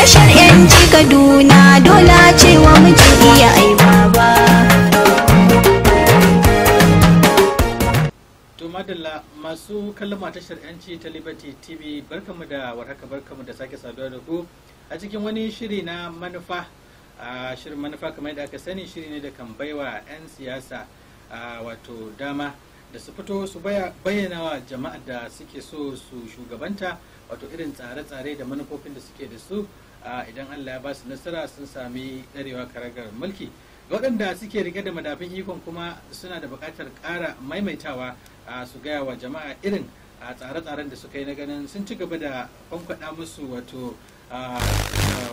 Tashar 'yan Kaduna dole cewa miji iya aiba ba. madalla masu kalma tashar 'yanci ta Liberty TV barkamu da warhaka barkamu da sake saduwa da ku a cikin wani shiri na manufa a shirin manufa kamar yadda aka sani shiri ne da kan baiwa 'yan siyasa wato dama da su fito su bayyana wa jama'a da suke so su shugabanta wato irin tsare-tsare da manufofin da suke da su idan allah ya ba su nasara sun sami ɗarewa karagar mulki waɗanda suke rike da madafin ikon kuma suna da buƙatar ƙara maimaitawa su gaya wa jama'a irin a tsare-tsaren da suka yi na ganin sun ci gaba da kwankwaɗa musu wato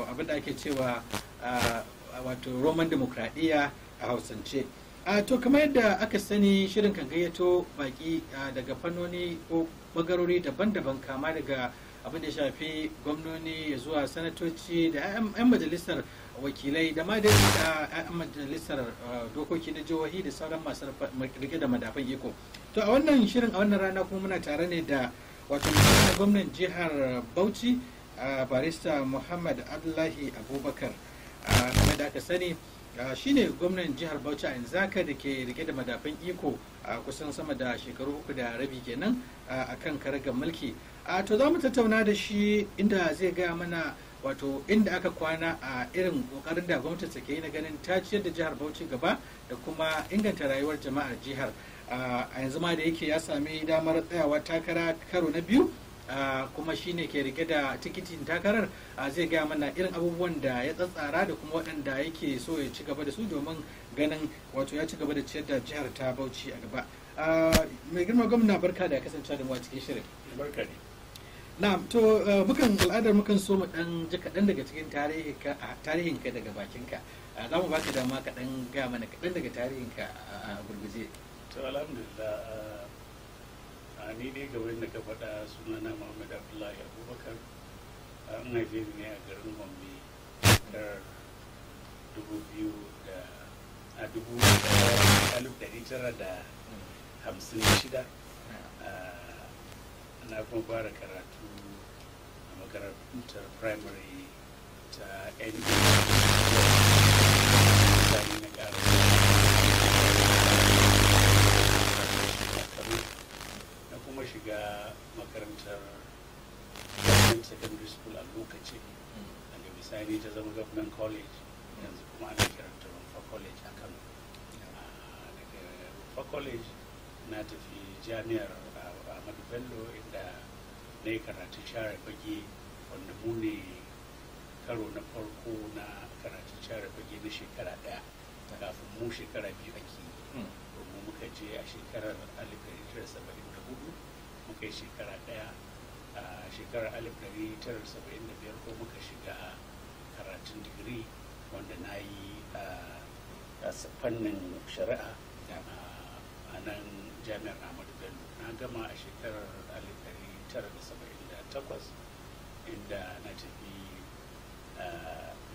abin da ake cewa wato roman demokradiyya a hausance a to kamar yadda aka sani shirin kan gayyato baki daga fannoni ko bagarori daban-daban kama daga abin da shafi gwamnoni zuwa sanatoci da 'yan majalisar wakilai da ma da 'yan majalisar dokoki na jihohi da sauran masu rike da madafan iko to a wannan shirin a wannan rana kuma muna tare ne da wato gwamnan jihar bauchi barista muhammad abdullahi abubakar Kama da aka sani shine gwamnan jihar bauchi a yanzu haka da ke rike da madafin iko a kusan sama da shekaru uku da rabi kenan a kan karagar mulki a to za mu tattauna da shi inda zai gaya mana wato inda aka kwana a irin kokarin da gwamnati ke yi na ganin ta ciyar da jihar bauchi gaba da kuma inganta rayuwar jama'ar jihar a yanzu ma da yake ya sami damar tsayawa takara karo na biyu kuma shi ne ke rike da tikitin takarar zai gaya mana irin abubuwan da ya tsatsara da kuma waɗanda yake so ya ci gaba da su domin ganin wato ya ci gaba da ciyar da jihar ta bauchi a gaba mai girma gwamna barka da kasance da mu a cikin shirin barka ne to mukan al'adar mukan so mu dan ji kaɗan daga cikin tarihinka daga bakinka za mu ka dama kaɗan gaya mana kaɗan daga tarihinka a gurguje to alhamdulillah ni dai ga wanda ka faɗa sunana muhammad abdullahi abubakar an haife ni ne a garin gombe shekarar dubu biyu da a dubu alif ɗari tara da hamsin shida na kuma fara karatu a makarantar primary ta ndu na ƙarfi kuma shiga makarantar government secondary school a lokaci da misali ta zama government college yanzu kuma ana ta rumfa college a kano daga rumfa college na tafi jami'ar ah, ahmadu bello inda na yi karatun share fage wanda mu ne karo na farko na karatun share fage na shekara daya kafin mu shekara biyu ake yi hmm. muka je a shekarar 1974 muka yi shekara daya a shekarar 1975 ko muka shiga karatun digiri wanda na yi a fannin shari'a a nan jami'ar ahmadu bello na gama a shekarar 1978 inda na tafi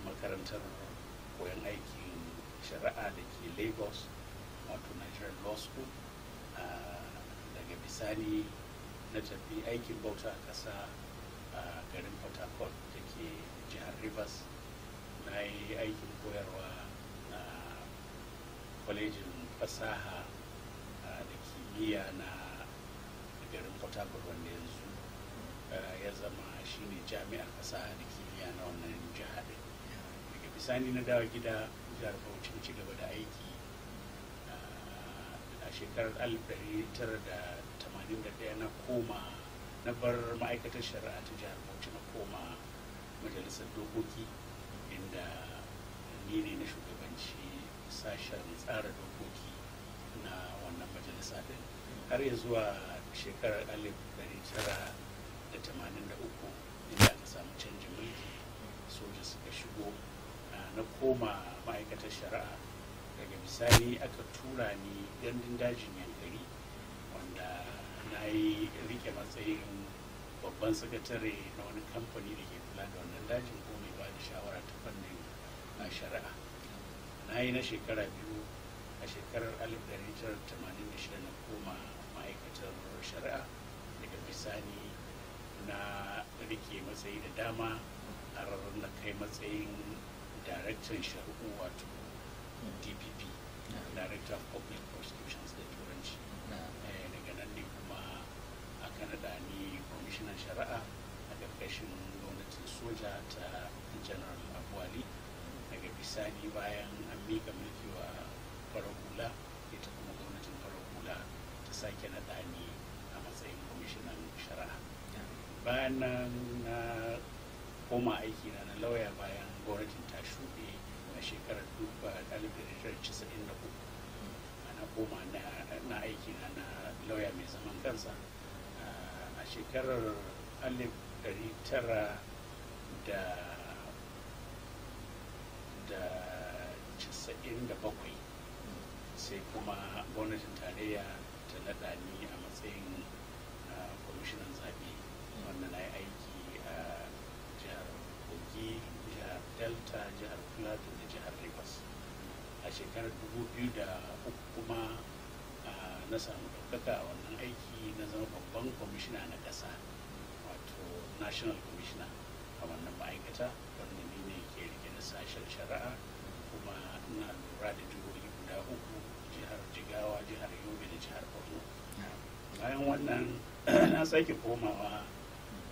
makarantar koyon aikin shari'a da ke lagos wato Nigerian Law School daga bisani na tafi aikin bauta a ƙasa a garin Port Harcourt da ke jihar Rivers na yi aikin koyarwa na kwalejin fasaha da uh, kimiyya na garin Port wanda yanzu uh, ya zama shi ne jami'ar fasaha da kimiyya na wannan jihar daga bisani na dawo gida jihar Bauchi ci gaba da aiki shekarar 1981 na koma na bar ma'aikatar shari'a ta jihar bauchi na koma majalisar dokoki inda ni ne na shugabanci sashen tsara dokoki na wannan majalisa din har ya zuwa shekarar 1983 inda aka samu canjin mulki soja suka shigo na koma ma'aikatar shari'a daga bisani aka tura ni gandun dajin yankari wanda na yi rike matsayin babban sakatare na wani kamfani da ke kula da wannan dajin ko mai ba shawara ta fannin a shari'a na yi na shekara biyu a shekarar 1986 na koma ma'aikatar shari'a daga bisani na rike matsayi da dama a rarrun na kai matsayin daraktan shari'u wato dpp director of public prosecutions da turanci eh, daga nan ne kuma a nada ne kwamishinan shari'a a ƙarƙashin gwamnatin soja ta general abuwali daga bisani bayan an miƙa mulki wa farahula ita kuma gwamnatin farahula ta sake nada a matsayin kwamishinan shari'a bayan na koma aiki na lauya bayan gwamnatin ta shuɗe a shekarar 1993 ana koma na aiki na lauya mai zaman kansa a shekarar 1900 da da bakwai sai kuma gwamnatin tarayya ta nada ni a matsayin kwamishinan zaɓe wanda na yi aiki a jihar kogi jihar delta jihar plateau shekarar 2003 kuma na samu ɗaukaka a wannan aiki na zama babban kwamishina na ƙasa wato national commissioner a wannan ma'aikata wanda ni ne ke rike da sashen shari'a kuma na lura da jihohi guda uku jihar jigawa jihar yobe da jihar borno bayan wannan na sake komawa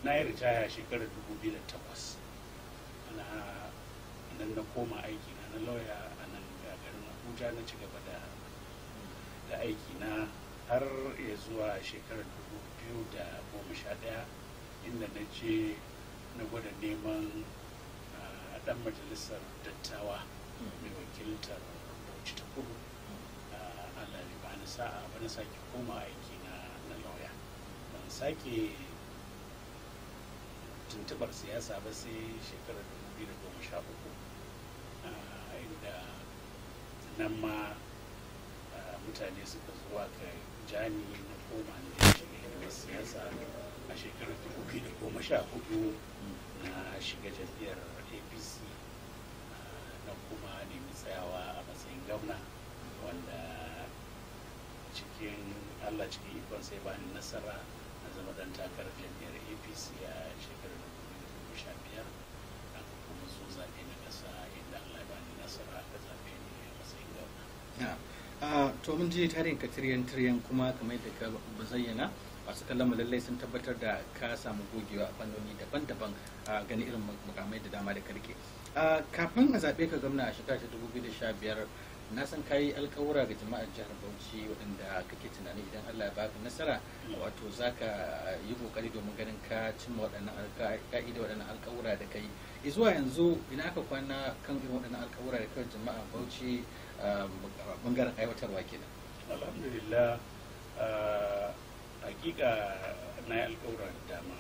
na yi ritaya shekarar 2008 na nan na koma aiki na lauya ja na ci gaba da da aiki na har ya zuwa shekarar dubu biyu da goma sha ɗaya inda na je na gwada neman dan majalisar dattawa mai wakiltar bauchi ta kudu A ne na sa'a ba na sake koma aiki na na lauya ban sake tuntubar siyasa ba sai shekarar dubu biyu da goma sha uku nan ma eh, mutane suka zuwa ka jani na koma ne shiga hidimar siyasa a shekarar dubu biyu da goma sha hudu na shiga jam'iyyar apc eh, na kuma nemi tsayawa a matsayin gwamna wanda cikin allah cikin ikon sai ba ni nasara na zama dan takarar jam'iyyar apc a shekarar dubu biyu da goma sha biyar aka kuma zo zaɓe na ƙasa inda allah ba ni nasara aka to mun ji tarihin ka tiriyan tiriyan kuma kamar da ka bazayyana masu kallon mu lallai sun tabbatar da ka samu gogewa a fannoni daban-daban a gani irin mukamai da dama da karke kafin a zaɓe ka gwamna a shekara ta 2015 na san ka yi alkawura ga jama'ar jihar bauchi waɗanda kake tunani idan allah ya baka nasara wato za ka yi kokari domin ganin ka cimma waɗannan ka'ida waɗannan alkawura da kai zuwa yanzu ina ka kwana kan irin waɗannan alkawura da kai jama'a bauchi Um, bangaren aiwatarwa kenan alhamdulillah uh, hakika na yi dama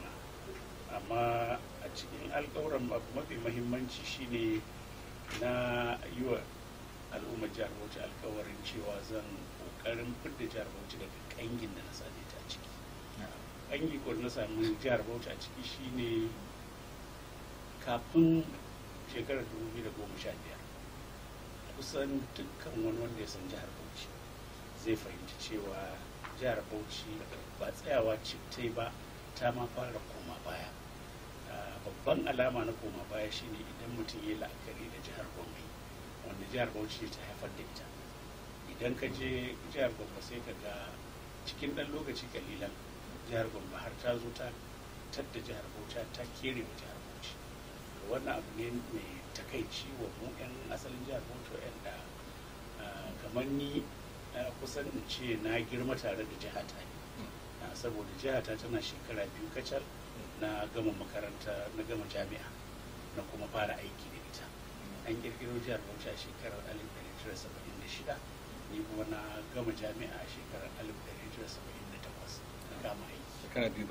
amma a cikin alkawuran mafi mahimmanci shine na yi wa al'ummar jihar bauchi alkawarin cewa zan kokarin fidda jihar bauchi daga kangin da na same ta ciki kangi ko na sami jihar bauchi a ciki shine kafin shekarar 2015 kusan dukkan wani wanda ya san jihar bauchi zai fahimci cewa jihar bauchi ba tsayawa ciptai ba ta ma fara koma baya babban alama na koma baya shine idan mutum ya la'akari da jihar gombe wanda jihar bauchi ta haifar da ita idan ka je jihar gombe sai ka ga cikin ɗan lokaci kalilan jihar gombe har ta zo ta tadda jihar bauchi ta kere wa jihar bauchi wannan abu ne mai takaici wa mu 'yan asalin jihar Bauchi da kamar ni kusan in ce na girma tare da jihata ne saboda jihata tana shekara biyu kacal na gama makaranta na gama jami'a na kuma fara aiki da ita an kirkiro jihar Bauchi a shekarar 1976 ni kuma na gama jami'a a shekarar 1978 na gama aiki shekara biyu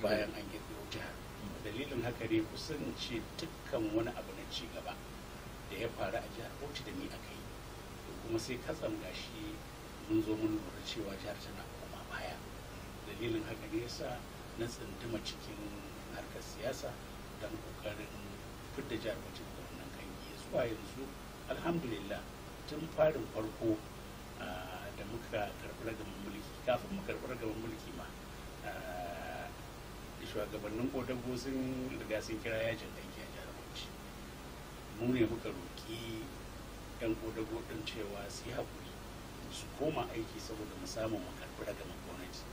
bayan an kirkiro jihar dalilin haka ne kusan ce dukkan wani abu na ci gaba da ya faru a jihar bauchi da ni aka yi kuma sai katsam gashi mun zo mun lura cewa jihar tana koma baya dalilin haka ne yasa na tsinduma cikin harkar siyasa don kokarin fidda jihar bauchi da wannan kangi zuwa yanzu alhamdulillah tun farin farko ah, da muka karɓi ragaman mulki kafin mu karɓi ragaman mulki ma ah, shugabannin kodago sun riga sun kira yajin aiki a jihar bauchi mu ne muka roƙi yan kodago ɗin cewa su yi haƙuri su koma aiki saboda mu samu mu karɓi daga gwamnati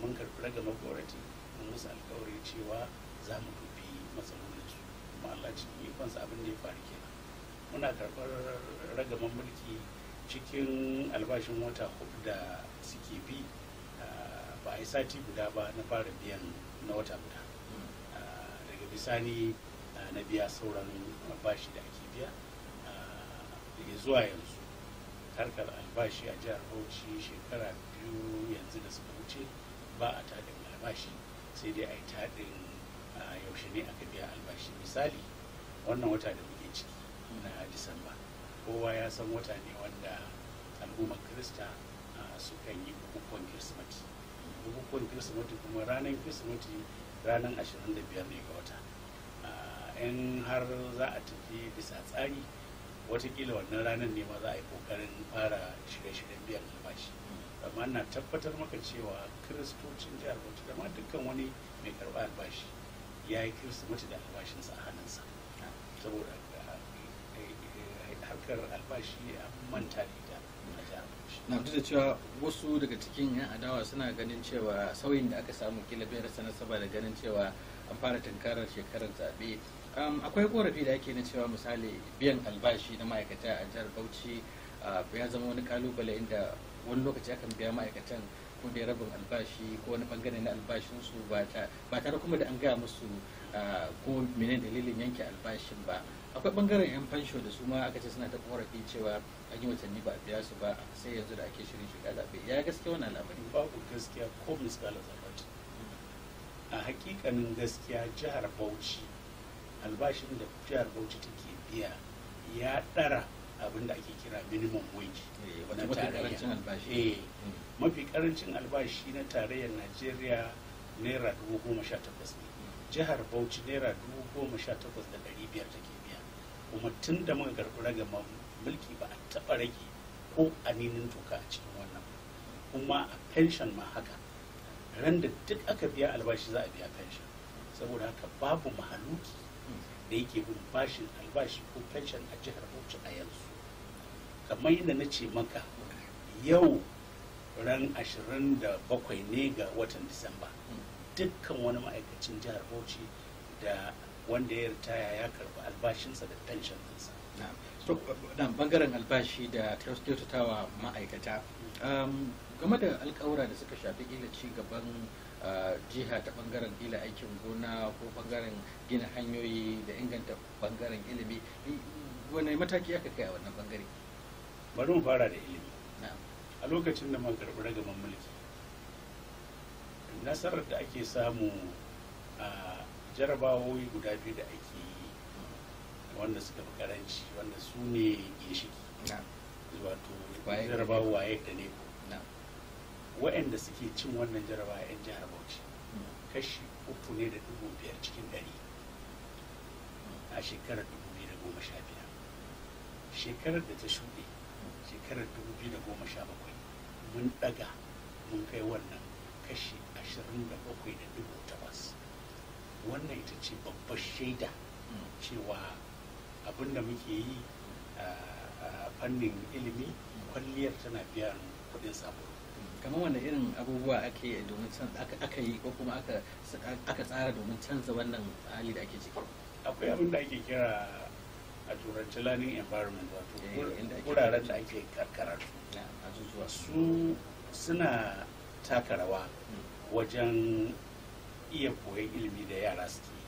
mun karɓi daga gwamnati mun musu alkawari cewa za mu dubi matsalolin su kuma Allah cikin sa abin da ya faru kenan muna karɓar ragaman mulki cikin albashin wata hudu da suke bi ah, ba a yi sati guda ba na fara biyan na wata guda daga bisani eh, na biya sauran albashi da ake biya eh, daga zuwa yanzu harkar albashi a jihar bauchi shekara biyu yanzu da suka wuce ba a taɗin albashi sai dai a yi taɗin eh, yaushe ne aka biya albashi misali wannan wata da muke ciki na disamba kowa ya san wata ne wanda al'ummar krista sukan yi bukukuwan kirsimati bukukuwan kirsimeti kuma ranar kirsimeti ranar 25 ne ga wata Yan ah, har za a tafi bisa tsari watakila wannan ranar ne ma za a yi kokarin fara shirye-shiryen biyan albashi amma na tabbatar maka cewa kiristocin jihar bauchi da ma dukkan wani mai karɓa albashi ya yi kirsimeti da albashinsa a hannunsa saboda ah, eh, eh, harkar albashi a manta ne na duk da cewa wasu daga cikin yan adawa suna ganin cewa sauyin da aka samu kila bai rasa nasaba da ganin cewa an fara tunkarar shekarar zaɓe akwai korafi da ake na cewa misali biyan albashi na ma'aikata a jihar bauchi ya zama wani kalubale inda wani lokaci akan biya ma'aikatan ko da rabin albashi ko wani bangare na albashinsu ba tare kuma da an gaya musu ko menene dalilin yanke albashin ba akwai bangaren yan fansho da su ma aka ce suna ta korafi cewa an yi watanni ba a biya su ba sai yanzu da ake shirin shiga zaɓe ya gaskiya wannan al'amari babu gaskiya ko misalin zaɓata a hakikanin gaskiya jihar bauchi albashin da jihar bauchi take biya ya ɗara abin da ake kira minimum wage eh, na tarayya eh, hmm. mafi karancin albashi na tarayyar najeriya naira dubu goma sha takwas ne jihar bauchi naira dubu goma sha takwas da ɗari biyar take biya kuma tun da muka karɓi ragaman mulki ba a taɓa rage ko aminin toka a cikin wannan kuma a pension ma haka ran da duk aka biya albashi za a biya pension saboda haka babu mahaluki da yake bin bashin albashi ko pension a jihar bauchi a yanzu kamar yadda na ce maka yau ran 27 ne ga watan disamba dukkan wani ma'aikacin jihar bauchi da wanda ya ritaya ya karɓi albashinsa da pension ɗinsa dan bangaren albashi da kyautatawa ma'aikata game da alkawura da suka shafi ila ci gaban jiha ta bangaren ila aikin gona ko bangaren gina hanyoyi da inganta bangaren ilimi wani mataki aka kai a wannan bangare bari mu fara da ilimi a lokacin da man karɓi ragaman mulki nasarar da ake samu a jarabawoyi guda biyu da ake wanda suka fi karanci wanda su ne ginshiki wato jarabawa yadda ne waɗanda suke cin wannan jarabawa 'yan jihar bauchi hmm. kashi uku ne da dubu biyar cikin ɗari a shekarar dubu biyu da goma sha biyar shekarar da ta shuɗe hmm. shekarar dubu biyu da goma sha bakwai mun ɗaga mun kai wannan kashi ashirin da bakwai da dubu takwas wannan ita ce babbar shaida hmm. cewa abin da muke yi a fannin ilimi kwalliyar tana biyan kuɗin sabulu kamar wanda irin abubuwa ake domin can aka yi ko kuma aka tsara domin canza wannan hali da ake ciki akwai abin da ake kira a turanci learning environment wato eh, wuraren da ake karkaratu su suna taka rawa hmm. wajen iya koyon ilimi da yara suke yi.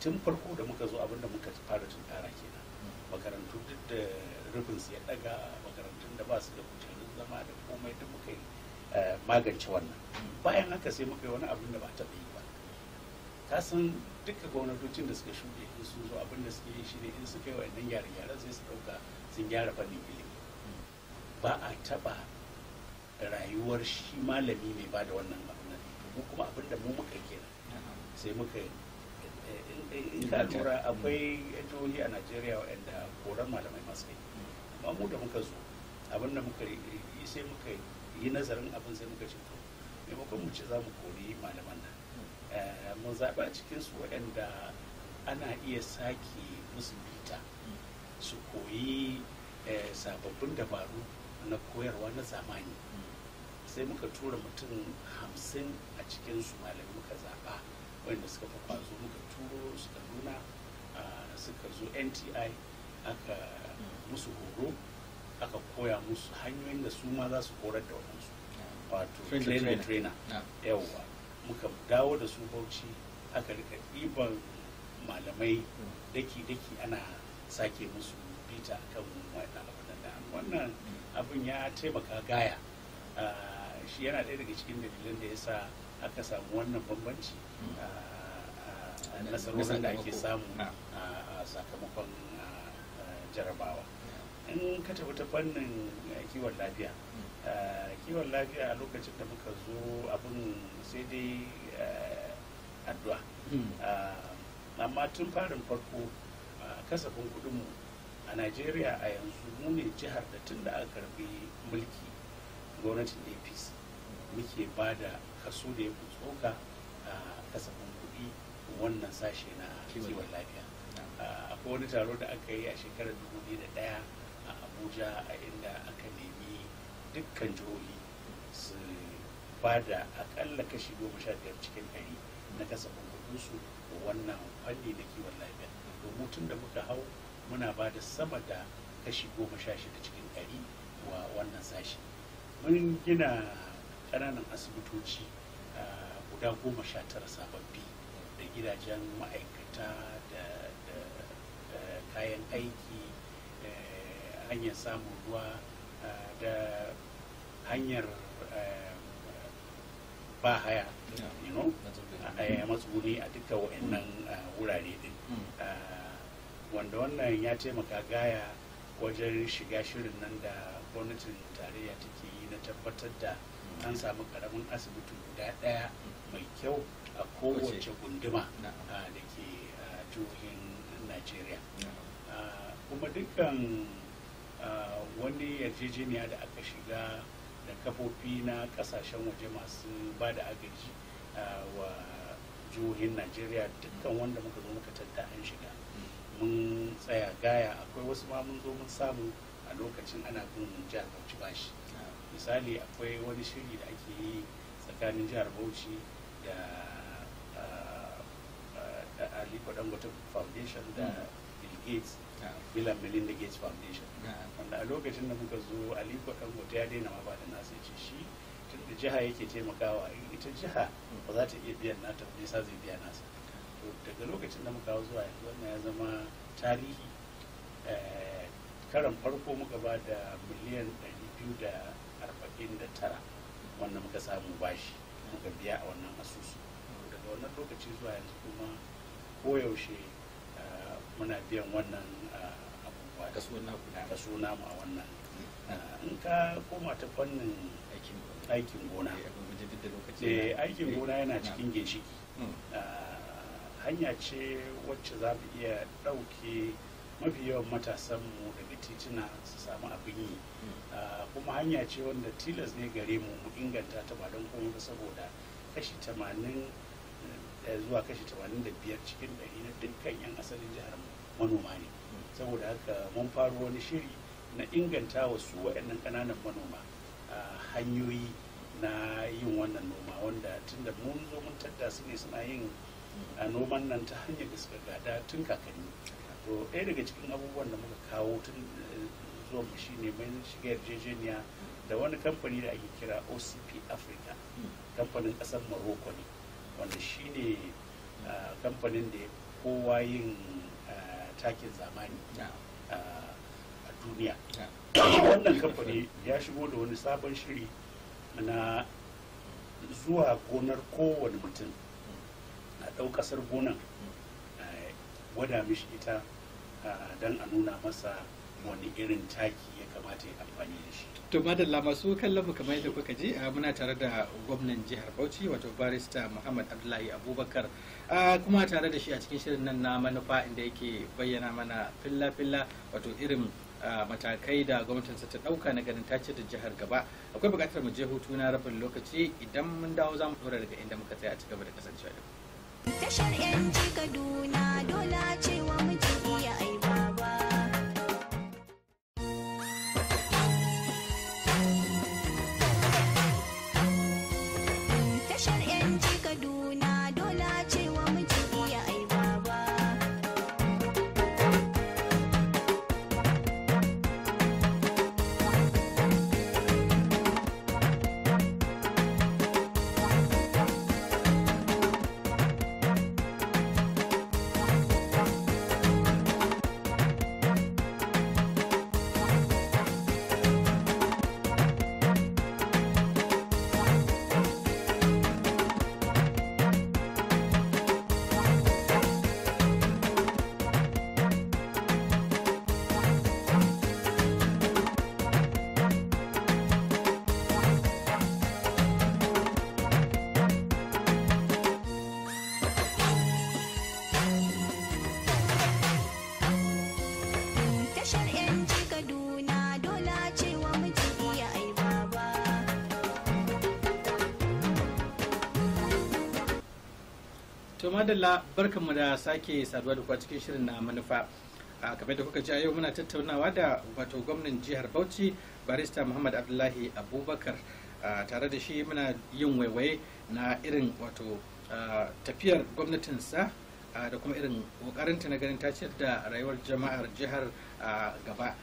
tun farko da muka zo abin da muka fara tun tunkara kenan makarantu duk da rufin su ya daga makarantun da ba su da kujerun zama da komai da muka yi eh, magance wannan bayan haka sai muka yi wani abin da ba taɓa yi ba ka san duka gwamnatocin da suka shuɗe in sun zo abin da suke yi ne in suka yi wa'annan gyara gyara sai su ɗauka sun gyara fannin ilimi ba a taɓa rayuwar shi malami mai ba da wannan abin nan kuma abin da mu muka kenan sai muka in eh, eh, lura akwai jihohi a najeriya waɗanda koran malamai masu kai amma mu da muka zo abin da muka yi sai muka yi nazarin abin sai muka ce to maimakon mu ce za mu kori malaman nan eh, mun zaɓa a cikinsu waɗanda ana iya sake musu bita su koyi sababbin dabaru na koyarwa na zamani sai muka tura mutum hamsin a cikinsu malamai muka zaɓa wanda suka fi kwazo muka turo su nuna suka zo nti aka musu horo aka koya musu hanyoyin da su ma za su horar da waɗansu wato train trainer yawwa muka dawo da su bauchi aka rika ɗiban malamai hmm. daki-daki ana sake musu bita kan wannan abin hmm. ya taimaka gaya shi yana ɗaya daga cikin dalilan da ya sa aka samu wannan bambanci hmm. nasarorin da ake samu a sakamakon jarabawa in ka tafi ta fannin kiwon lafiya kiwon lafiya a lokacin da muka zo abin sai dai addu'a hmm. amma tun farin farko kasafin kudinmu a najeriya a yanzu mu ne jihar da tun da aka karbi mulki gwamnatin apc muke ba da kaso da ya fi tsoka a kasafin wannan sashe na kiwon lafiya ah, akwai wani taro da aka yi a shekarar ɗaya a abuja a inda aka nemi dukkan jihohi su ba da akalla kashi goma sha biyar cikin ɗari na kasafin kudinsu wannan fanni na kiwon lafiya domin tun da muka hau muna ba da sama da kashi goma sha shida cikin ɗari wa wannan sashe mun gina ƙananan asibitoci ah, guda goma sha tara sababbi da gidajen ma'aikata da kayan aiki eh, hanyar samun ruwa eh, da hanyar eh, ba haya you matsuguni a duka wa'annan wurare din hmm. wanda wannan ya taimaka gaya wajen shiga shirin nan da gwamnatin tarayya take yi na tabbatar da an hmm. samu karamin asibiti guda daya hmm. mai kyau a kowace gunduma uh, da ke uh, jihohin najeriya uh, kuma dukkan wani yarjejeniya da aka shiga da kafofi na kasashen waje masu ba da agaji wa jihohin najeriya dukkan mm. wanda muka zo muka tatta an shiga mm. mun tsaya gaya akwai wasu ma mun zo mun samu a lokacin ana bin jihar bauchi bashi misali akwai wani shiri da ake yi tsakanin jihar bauchi da Aliko Dangote Foundation da hmm. Bill Gates Bill and Melinda Gates Foundation wanda a lokacin da muka zo Aliko Dangote ya daina ma ba da nasu ce shi tun da jiha yake taimakawa ita jiha ba za ta iya biyan nata ba nisa zai biya nasa to daga lokacin da muka zuwa yanzu wannan ya zama tarihi eh, karan farko muka ba da miliyan biyu da da tara wanda muka samu bashi muka biya a wannan asusu daga wannan lokaci zuwa yanzu kuma koyaushe eh, muna biyan wannan eh, abubuwa da suna mu a wannan hmm. eh, in ka koma ta fannin aikin gona aikin gona yana cikin ginshiki hmm. hanya ce wacce za mu iya ɗauke mafi yawan matasanmu da titina su samu abin yi hmm. kuma hanya ce wanda tilas ne gare mu mu inganta ta ba don kuma saboda kashi tamanin Eh, zuwa kashi 85 cikin 100 na dukkan 'yan asalin jihar manoma ne saboda haka mun faru wani shiri na inganta wa su waɗannan ƙananan manoma hanyoyi na yin wannan noma wanda tun da mun zo mun tadda su ne suna yin noman nan ta hanyar da suka gada tun kakanni to ɗaya daga cikin abubuwan da muka kawo tun eh, zuwa mu shine mun shiga yarjejeniya da wani kamfani da ake kira ocp africa kamfanin ƙasar morocco ne wanda shi ne uh, kamfanin da kowa yin uh, takin zamani uh, a duniya wannan kamfani ya shigo da wani sabon shiri na zuwa gonar kowane mutum a ɗau ƙasar gonan gwada mishi ita don a nuna masa wani irin taki ya kamata ya amfani da shi to madalla masu kallon mu kamar yadda kuka ji muna tare da gwamnan jihar Bauchi wato barista Muhammad Abdullahi Abubakar kuma tare da shi a cikin shirin nan na manufa inda yake bayyana mana filla-filla wato irin matakai da gwamnatinsa ta dauka na ganin tace da jihar gaba akwai bukatar mu je hutu na rabin lokaci idan mun dawo zamu mu dora daga inda muka tsaya a cigaba da kasancewa da tashar yan kaduna dole cewa mu iya aiwa madalla mu da sake saduwa da kuwa cikin shirin na manufa a kamar da kuka ji a yau muna tattaunawa da wato gwamnan jihar bauchi barista muhammad abdullahi abubakar tare da shi muna yin waiwaye na irin wato tafiyar gwamnatinsa da kuma irin kokarinta na ganin ta da rayuwar jama'ar jihar gaba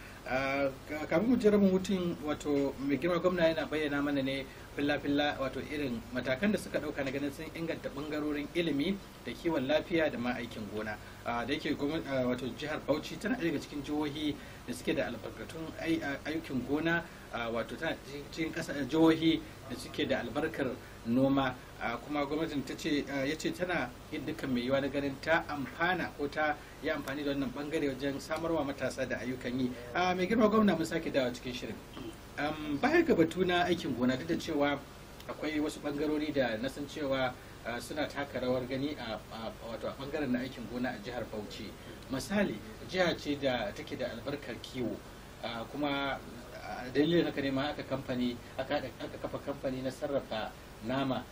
kamar mu jira mu hutun wato mai girma gwamna yana bayyana mana ne filla-filla wato irin matakan da suka dauka na ganin sun inganta bangarorin ilimi da kiwon lafiya da ma aikin gona da yake wato jihar bauchi tana daga cikin jihohi da suke da albarkatun aikin gona wato tana cikin jihohi da suke da albarkar noma kuma gwamnatin ta ce ya ce tana yin dukkan mai yiwa na ganin ta amfana ko ta yi amfani da wannan bangare wajen samarwa matasa da ayyukan yi mai girma gwamna mun sake dawa cikin shirin bayan ga batu na aikin gona duk da cewa akwai wasu bangarori da na san cewa suna taka rawar gani a wato bangaren na aikin gona a jihar Bauchi misali jiha ce da take da albarkar kiwo kuma dalilin haka ne ma aka kamfani aka kafa kamfani na sarrafa nama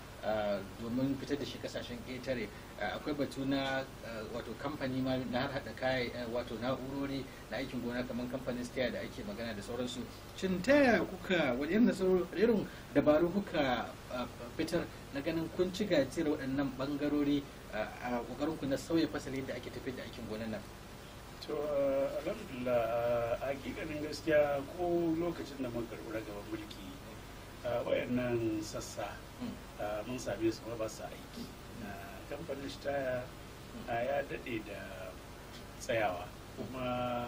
domin fitar da shi kasashen ƙetare Eh, akwai batu na eh, wato kamfani ma na har hada kai eh, wato na'urori na aikin gona kamar kamfanin stiya da ake magana da sauransu cin ta kuka wani irin dabaru kuka fitar na ganin kun ci gajiyar waɗannan bangarori a ƙoƙarin ku na sauya fasali da ake tafi da aikin gona nan to alhamdulillah a ƙiƙanin gaskiya ko lokacin da muka karɓi ragaban mulki wayannan sassa hmm. mun same su ba sa aiki kamfanin staya ya daɗe da tsayawa kuma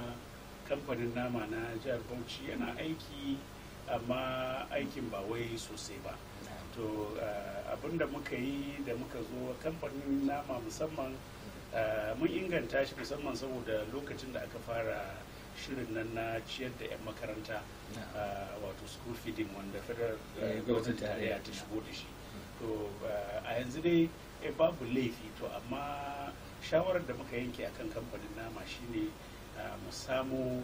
kamfanin nama na jihar bauchi yana aiki amma aikin ba wai sosai ba to abinda muka yi da muka zo kamfanin nama musamman mun inganta shi musamman saboda lokacin da aka fara shirin nan na ciyar da 'yan makaranta wato school feeding wanda federal eh, eh, government ta shigo da shi to a yanzu dai Akwai eh, babu laifi to amma shawarar da muka yanke akan kamfanin nama shine ah, mu samu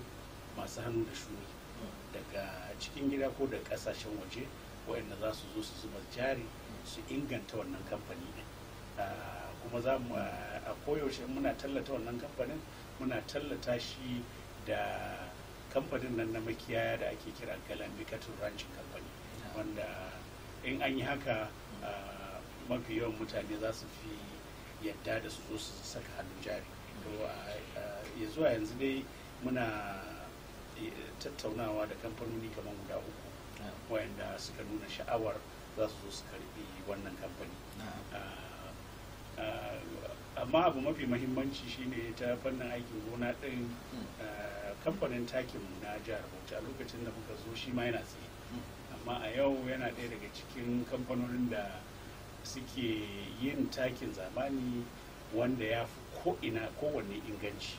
masu hannu da shuni daga cikin gida ko da kasashen waje wayanda za su zo su zuba jari su inganta wannan kamfani ne ah, kuma za mu ah, a koyaushe muna tallata wannan kamfanin muna tallata shi da kamfanin nan na makiyaya da ake kira galan ranch kamfani. wanda in an yi haka mafi yawan mutane za su fi yadda da su zo su saka hannun jari ya zuwa yanzu dai muna eh, tattaunawa da kamfanoni kamar guda uku wayanda suka nuna sha'awar za su zo su karbi wannan kamfani amma abu mafi mahimmanci shine ta fannin aikin gona din hmm. kamfanin takin na jihar bauchi a lokacin da muka zo shi ma yana tsaye hmm. amma a yau yana ɗaya daga cikin kamfanonin da suke yin takin zamani wanda ya fi ko'ina kowanne inganci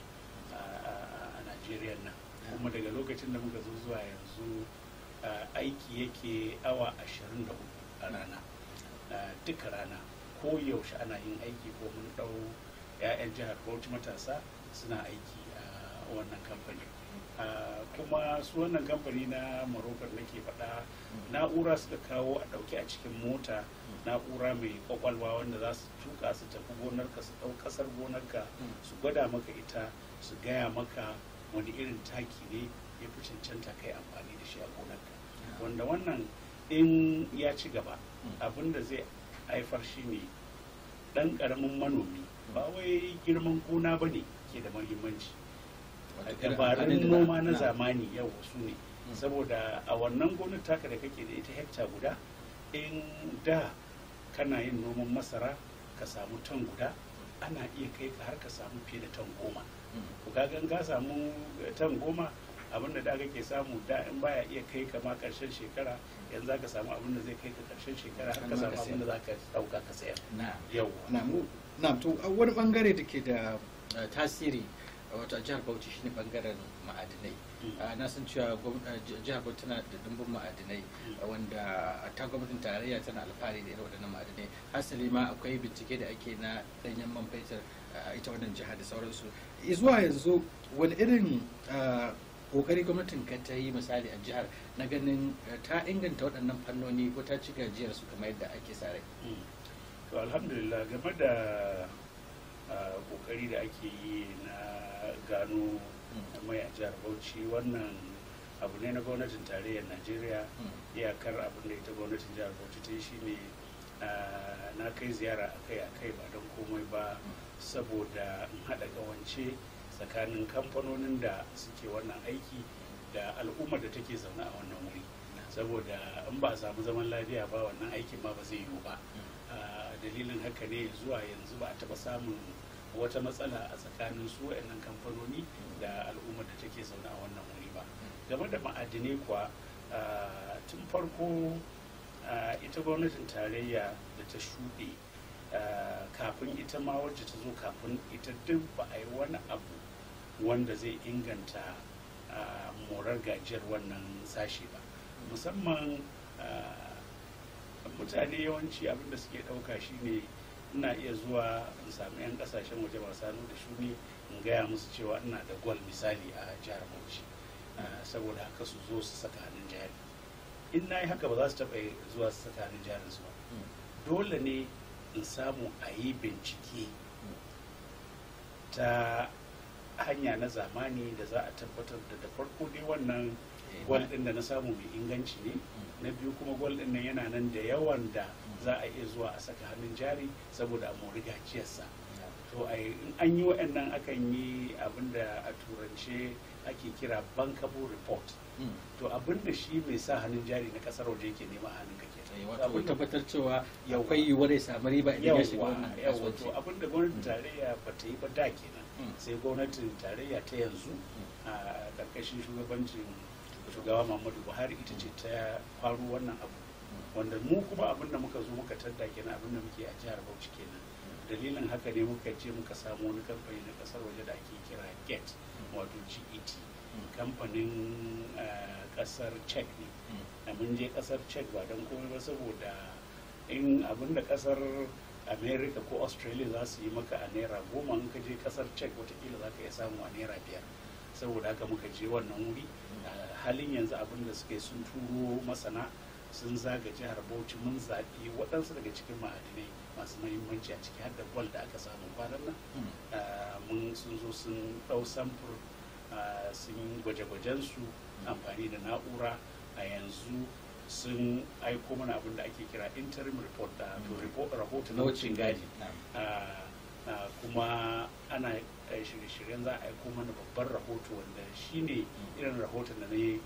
a najeriya nan kuma daga lokacin da muka zo zuwa yanzu aiki yake awa 24 a rana duka rana ko yaushe ana yin aiki ko mun ɗau 'ya'yan jihar bauchi matasa suna aiki a wannan kamfani kuma su wannan kamfani na marokar nake faɗa na'ura suka kawo a ɗauke a cikin mota na'ura mai kwakwalwa wanda za su tuka su tafi gonarka su ɗau ƙasar gonarka su gwada maka ita su gaya maka wani irin taki ne ya fi cancanta kai amfani da shi a gonarka wanda wannan in ya ci gaba abin da zai haifar shi ne ɗan ƙaramin manomi ba wai girman gona ba ne ke da muhimmanci dabarun noma na zamani yau su ne mm. saboda a wannan gonar taka da kake da ita hekta guda in da kana yin noman masara ka samu tan guda ana iya kai ka har ka samu fiye da tan goma ku gan ka samu eh, tan goma abinda da aka ke samu da in baya iya kai ka ma karshen shekara yanzu za ka samu abinda zai kai ka karshen shekara har ka samu abinda za ka dauka ka sayar yau na to wani bangare da ke eh, da tasiri wato jihar bauchi shine bangaren ma'adinai hmm. ah, na san cewa jihar bauchi tana da dumbin ma'adinai hmm. wanda ta gwamnatin tarayya tana alfahari da irin waɗannan ma'adinai hasali ma akwai bincike da ake na ɗanyen man fetur ah, ita wannan jihar da sauransu zuwa yanzu wani irin kokari ah, gwamnatin ka ta yi misali a jihar na ganin eh, ta inganta waɗannan fannoni ko ta ci gajiyar su kamar yadda ake sare hmm. to alhamdulillah game da kokari da ake yi na gano mai a jihar bauchi wannan abu ne na gwamnatin tarayyar najeriya iyakar abin da ta gwamnatin jihar bauchi ta yi shine na kai ziyara akai akai ba don komai ba saboda haɗa ƙawance tsakanin kamfanonin da suke wannan aiki da al'ummar da take zaune a wannan wuri saboda in ba a samu zaman lafiya ba wannan aikin ma ba zai yiwu ba dalilin haka ne zuwa yanzu ba a taɓa samun wata matsala a tsakanin su wa'annan kamfanoni da al'ummar da take zaune a wannan wuri ba game da ma'adinai kuwa tun farko ita gwamnatin tarayya da ta shuɗe kafin ita ma wacce ta zo kafin ita duk ba a yi wani abu wanda zai inganta morar gajiyar wannan sashi ba musamman mutane yawanci abinda suke ɗauka shine ne ina iya zuwa in sami 'yan kasashen waje masu hannu da shuni in gaya musu cewa ina da gwal misali a jihar bauchi ah, saboda haka su zo su saka hannun jari in na yi haka ba za su taɓa zuwa su saka hannun jari su ba dole ne in samu a yi bincike ta hanya na zamani da za a tabbatar da da farko dai wannan eh, gwal ɗin da na samu mai inganci ne mm. na biyu kuma gwal ɗin nan yana nan da yawan da za a iya zuwa a saka hannun jari saboda a mori gajiyarsa to an yi waɗannan akan yi abin da a turance ake kira bankable report hmm. to abin da shi mai sa hannun jari na kasar waje yake nema hannun ka kenan eh, wato tabbatar cewa akwai yiwuwar ya samu riba idan ya shiga wannan kasuwanci yawa abin da gwamnatin hmm. tarayya ba ta yi ba da kenan hmm. sai gwamnatin tarayya ta yanzu a ƙarƙashin shugabancin shugaba Muhammadu Buhari ita ce ta faru wannan abu wanda mu kuma abinda muka zo muka tadda kenan abinda da muke a jihar Bauchi kenan dalilin haka ne muka je muka samu wani kamfani na kasar waje da ake kira GET wato GET kamfanin eh, kasar check ne da hmm. mun je kasar check ba don komai ba saboda in abinda da kasar America ko Australia za su yi maka a naira goma in ka je kasar Czech watakila za ka iya samu a naira biyar saboda haka muka je wannan wuri hmm. halin yanzu abinda da suke sun turo masana sun zaga jihar bauchi mun zaɓi waɗansu daga cikin ma'adinai masu mahimmanci a ciki har da gwal da aka samu kwanan nan hmm. ah, mun sun zo sun ɗau samfur ah, sun gwaje-gwajen su hmm. amfani da na'ura a yanzu sun aiko mana abin da ake kira interim report da ah, hmm. rahoton na wucin gaji Ah, kuma ana eh, shirye-shiryen za a aiko mana babban rahoto wanda shi ne irin rahoton da na yi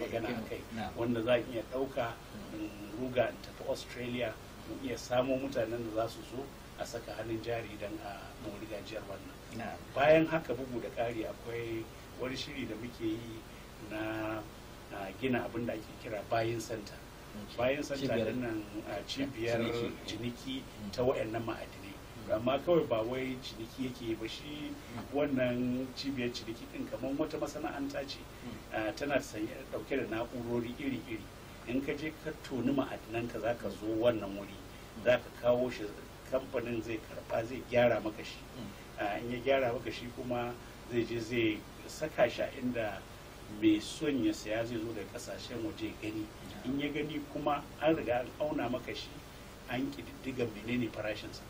magana eh, a kai wanda za a iya ɗauka hmm. ruga in tafi australia mu iya samo mutanen da za su zo a saka hannun jari don a mori gajiyar wannan bayan haka bugu da ƙari akwai wani shiri da muke yi na gina abin da ake kira bayan santa bayan santa nan cibiyar jiniki ah, hmm. ta waƴannan ma'adin. amma kawai ba wai ciniki yake ba shi wannan cibiyar ciniki din kamar wata masana'anta ce hmm. eh, tana dauke da na'urori iri-iri in ka je ka toni ma'adinan ka zaka zo wannan wuri hmm. za ka kawo shi kamfanin zai karba zai gyara maka shi hmm. eh, in ya gyara maka shi kuma zai je zai saka shi inda mai son ya saya zai zo daga kasashen waje gani in ya gani kuma an riga an auna maka shi an ƙididdiga menene farashinsa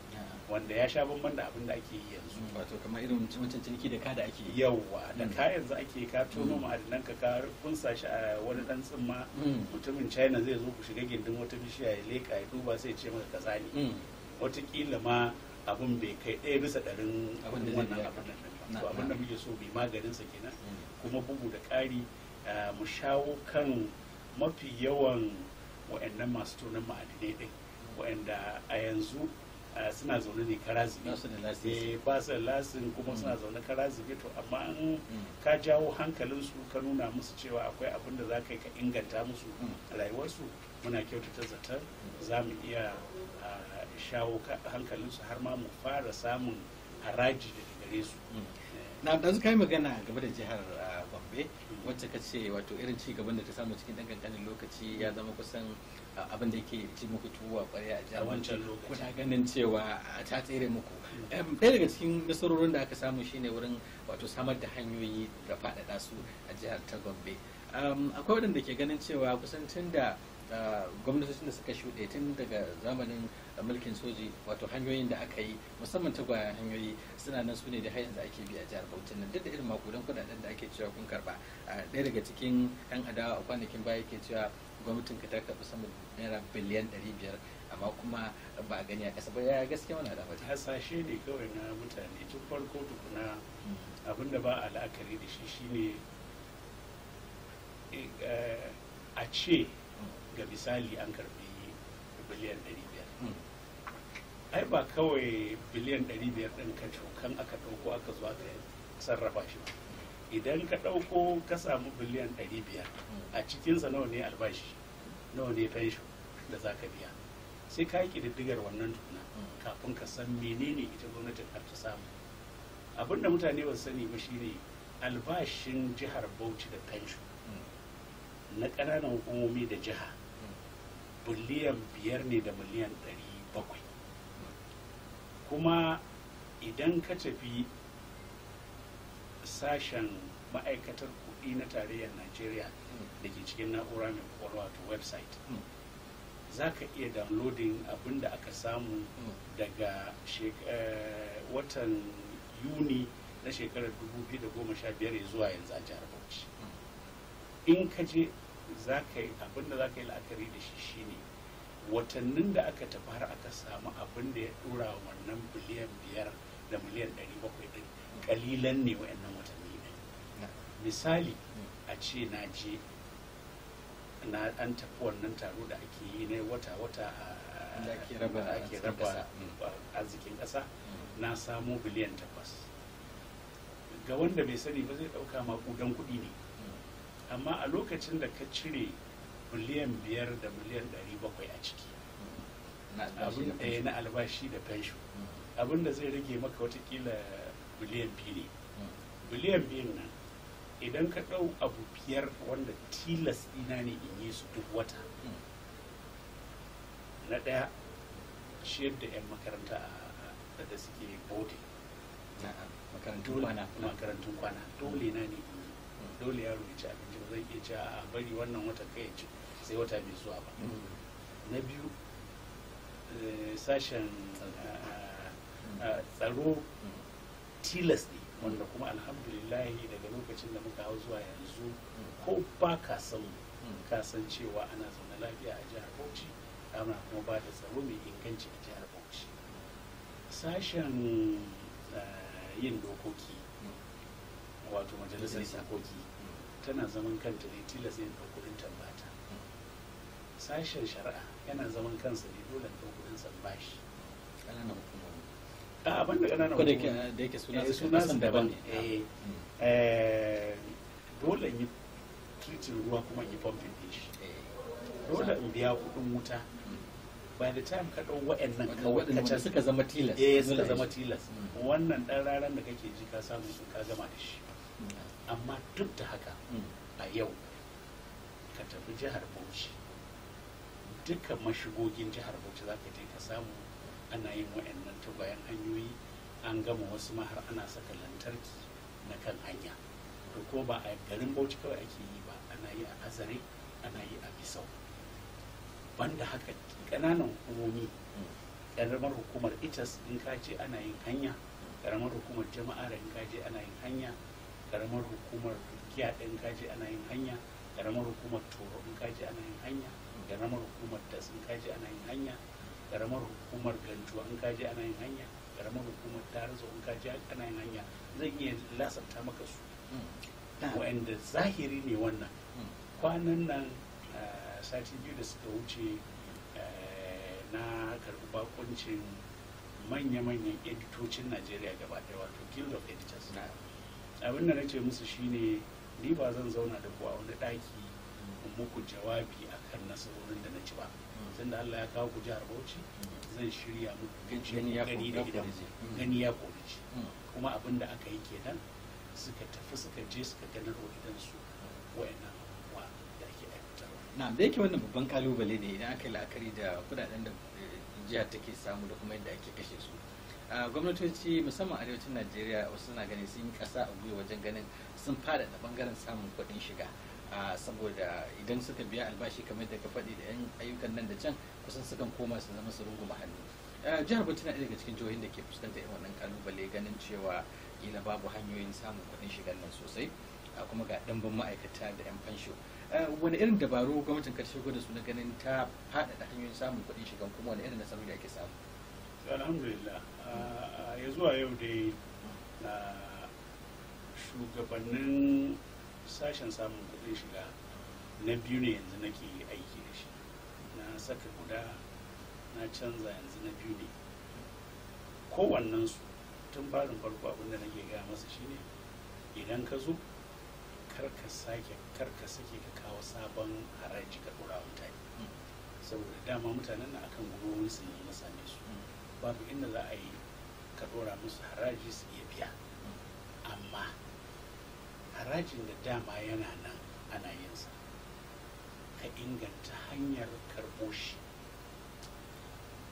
wanda ya sha bamban da abin da ake yi yanzu wato kamar irin wancan ciniki da ka da ake yi yawwa da hmm. ka yanzu ake ka tono hmm. ma'adinan ka ka kunsa shi a wani dan tsimma hmm. mutumin china zai zo ku shiga gindin wata bishiya ya leka ya duba sai ce maka kaza ne watakila ma abin bai kai ɗaya bisa ɗarin wannan abin nan to abin da muke so bai sa kenan kuma bugu da ƙari eh, mu shawo kan mafi yawan wa'annan masu tonon ma'adinai ɗin wa'anda a yanzu Eh, suna zaune ne kara zube ba su eh, lasin kuma mm. suna zaune kara zube to amma an mm. ka jawo hankalinsu ka nuna musu cewa akwai abin da za ka yi ka inganta musu mm. rayuwarsu muna kyautata zaton za mu iya shawo hankalinsu har ma mu fara samun haraji daga gare su eh. na ɗanzu kai magana game da jihar gombe wacce ka ce wato irin ci gaban da ta samu cikin ɗan ƙanƙanin lokaci ya zama kusan abin da yake ci muku tuwa kwarya a jihar wancan lokaci kuna ganin cewa ta tsere muku ɗaya daga cikin nasarorin da aka samu shine wurin wato samar da hanyoyi da faɗaɗa su a jihar ta gombe akwai waɗanda ke ganin cewa kusan tun da ah, gwamnatocin da suka shuɗe tun daga zamanin mulkin soji wato hanyoyin da aka yi musamman tagwayen hanyoyi suna nan su ne da hanyar da ake bi a jihar Bautan nan duk da irin makudan kudaden da ake cewa kun karba ah, ɗaya daga cikin yan adawa a kwanakin baya ke cewa gwamnatin ka ta karbi sama da naira biliyan ɗari biyar amma kuma ba a gani a ƙasa ba ya gaskiya wani da fata hasashe ne kawai na mutane tun farko tukuna abin da ba a la'akari da shi shine eh, a ce ga misali an karbi biliyan ɗari biyar ai ba kawai biliyan ɗari biyar ɗin kan aka ɗauko aka zo aka sarrafa shi ba idan ka ɗauko ka samu biliyan biyar a cikinsa nawa ne albashi nawa ne fenshon da za ka biya sai ka yi ƙididdigar wannan tuna kafin ka san menene ita gwamnatin har ta samu abin da mutane ba sani ba shine albashin jihar bauchi da fenshon na ƙananan hukumomi da jiha biliyan biyar ne da miliyan ɗari bakwai kuma idan ka tafi sashen ma'aikatar kuɗi na tarayyar najeriya da ke cikin na'ura mai kwakwalwa wato website hmm. za ka iya downloading abin da aka samu hmm. daga eh, watan yuni na shekarar 2015 zuwa yanzu a jihar bauchi hmm. in ka je abin da za ka yi la'akari da shi shine watannin da aka tafi har aka samu abin da ya dura wannan biliyan biyar da miliyan bakwai kalilan ne wa'annan watanni ne misali hmm. a ce na je na an tafi wannan taro da ake yi ne wata-wata a ake raba hmm. arzikin ƙasa hmm. na samo biliyan takwas ga wanda bai sani ba zai ɗauka makudan kuɗi ne amma a lokacin da ka cire biliyan biyar da miliyan ɗari bakwai a ciki ɗaya na albashi da fensho abin da zai rage maka watakila biliyan biyu ne biliyan biyun nan idan ka ɗau abu biyar wanda tilas ina ne in yi su duk wata na ɗaya ciyar da 'yan makaranta da suke bode makarantun kwana dole na ne dole yaro ya ci abinci ba zai iya ci a bari wannan wata kai ci sai wata mai zuwa ba mm. na biyu eh, sashen tsaro mm. tilas ne wanda kuma alhamdulillahi daga lokacin da muka hau zuwa yanzu ko ba ka san ka san cewa ana zaune lafiya a jihar bauchi ana kuma ba da tsaro mai inganci a jihar bauchi sashen eh, yin dokoki wato majalisar dokoki tana zaman kanta ne tilas yin kudin tambata sashen shari'a yana zaman kansa ne dole da sambashi a ah, ban da ƙananan hukumomi da yake suna eh, su daban ne eh, eh, dole in yi treating ruwa kuma in yi pumping din shi dole in biya kuɗin wuta by the time ka ɗau wa'annan kawai kacan suka zama tilas eh suka zama tilas hmm. wannan ɗan raran da kake ji ka samu ka gama da shi hmm. amma duk da haka hmm. a yau ka tafi jihar bauchi dukkan mashigogin jihar bauchi za ka je ka samu ana yin wa'annan ta bayan hanyoyi an gama wasu mahar ana saka lantarki na kan hanya to ko ba a garin bauchi kawai ake yi ba ana yi a azare ana yi a bisau banda haka ƙananan hukumomi ƙaramar hukumar itas in ka ce ana yin hanya ƙaramar hukumar jama'a in ka je ana yin hanya ƙaramar hukumar turkiya in ka je ana yin hanya ƙaramar hukumar toro in ka je ana yin hanya ƙaramar hukumar tas in ka je ana yin hanya karamar hukumar gantu in ka je ana yin hanya karamar hukumar tarzo in ka ana yin hanya zan iya lasanta maka su hmm. wa'anda zahiri ne wannan hmm. kwanan nan eh, sati biyu da suka wuce eh, na karɓi bakuncin manya-manyan editocin najeriya gaba ɗaya wato guild of editors abin da na ce musu shine ni ba zan zauna da ku a wani ɗaki muku jawabi akan nasarorin da na ci ba tunda Allah ya kawo ku jihar Bauchi zan shirya muku gani ya gani ya korici mm. kuma abin da aka yi kenan suka tafi suka je suka ganar wa gidansu wayannan wa da ake aiwatarwa na da yake wannan babban kalubale ne idan aka yi la'akari da kudaden da eh, jihar take samu da kuma yadda ake kashe su gwamnatoci musamman arewacin najeriya wasu suna ganin sun yi kasa a gwiwa wajen ganin sun fada da bangaren samun kuɗin shiga saboda idan suka biya albashi kamar da ka faɗi da 'yan ayyukan nan da can kusan sukan koma su zama su runguma hannu jihar bauchi na ɗaya daga cikin jihohin da ke fuskanta irin wannan kalubale ganin cewa kila babu hanyoyin samun kuɗin shigar nan sosai kuma ga ɗanban ma'aikata da 'yan fansho wani irin dabaru gwamnatin karshe gwada su na ganin ta faɗaɗa hanyoyin samun kuɗin shigan kuma wani irin nasarori ake samu alhamdulillah ya zuwa yau dai shugabannin sashen samun kuɗin shiga na biyu ne yanzu nake aiki da shi na saka guda na canza yanzu na biyu ne su tun barin farko abin da nake gaya masa shine idan ka zo karka sake karka sake ka kawo sabon haraji ka dora mutane saboda dama mutanen na akan gurbin su ne na same su babu inda za a yi ka ɗora musu haraji su iya biya amma harajin da dama yana nan ana yinsa ka inganta hanyar karɓo shi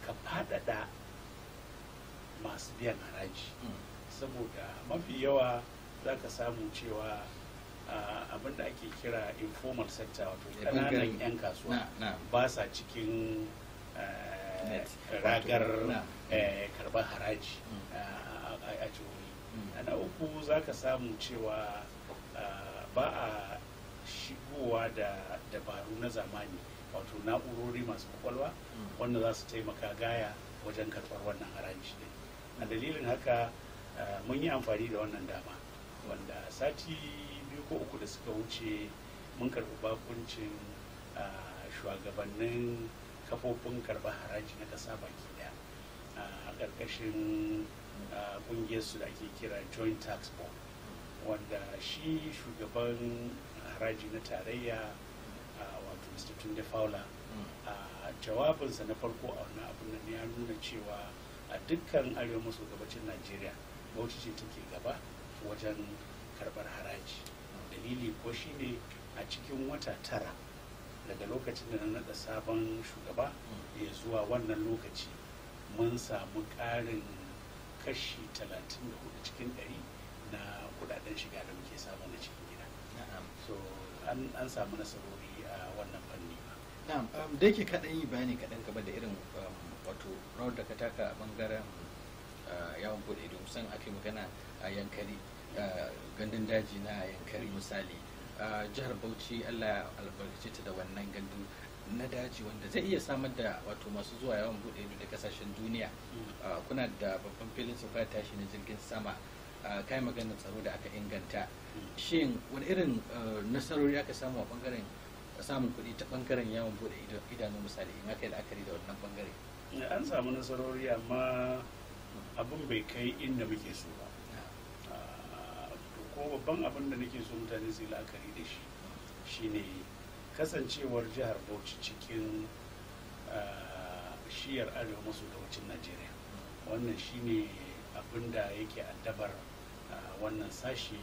ka faɗaɗa masu biyan haraji hmm. saboda mafi yawa za ka samu cewa abin ake kira informal sector wato eh, ƙananan 'yan kasuwa ba sa cikin eh, ragar eh, karɓar haraji hmm. a jihohi hmm. na uku za ka samu cewa ba a shigowa da dabaru na zamani wato na'urori masu kwakwalwa wanda za su taimaka gaya wajen karɓar wannan haraji ne a dalilin haka mun yi amfani da wannan dama wanda sati biyu ko uku da suka wuce mun karɓi bakuncin shugabannin kafofin karɓar haraji na ƙasa baki daya a ƙarƙashin ƙungiyarsu da ake kira joint tax board wanda shi shugaban haraji na tarayya wato mr tunde fowler hmm. a jawabinsa na farko a wani abin nan ya nuna cewa a dukkan arewa maso gabacin najeriya bauchi ce take gaba wajen karbar haraji dalili ko shine a cikin wata tara daga lokacin da na naɗa sabon shugaba hmm. ya zuwa wannan lokaci mun samu ƙarin kashi 34 cikin ɗari. na kudaden shiga da muke samu na cikin gida so an samu nasarori a wannan fanni um, da yake kaɗan yi bayani kaɗan game da irin um, wato rawar da ka taka a bangaren uh, yawon bude ido musan ake magana a yankari uh, gandun daji na yankari misali uh, jihar bauchi allah albarkaci ta da wannan gandu na daji wanda zai iya samar da wato masu zuwa yawon bude ido da kasashen duniya mm. kuna da babban filin sauka tashi na jirgin sama kai maganar tsaro da aka inganta shin wani irin eh, nasarori aka samu a bangaren samun kuɗi ta bangaren yawon bude idanu misali in aka yi la'akari da wannan bangare eh, an samu nasarori amma abin bai kai inda muke so ba ah, ko babban abin da nake so mutane su yi la'akari da shi shine kasancewar jihar bauchi cikin ah, shiyar arewa maso gabacin najeriya mm. wannan shine abin da yake addabar wannan sashi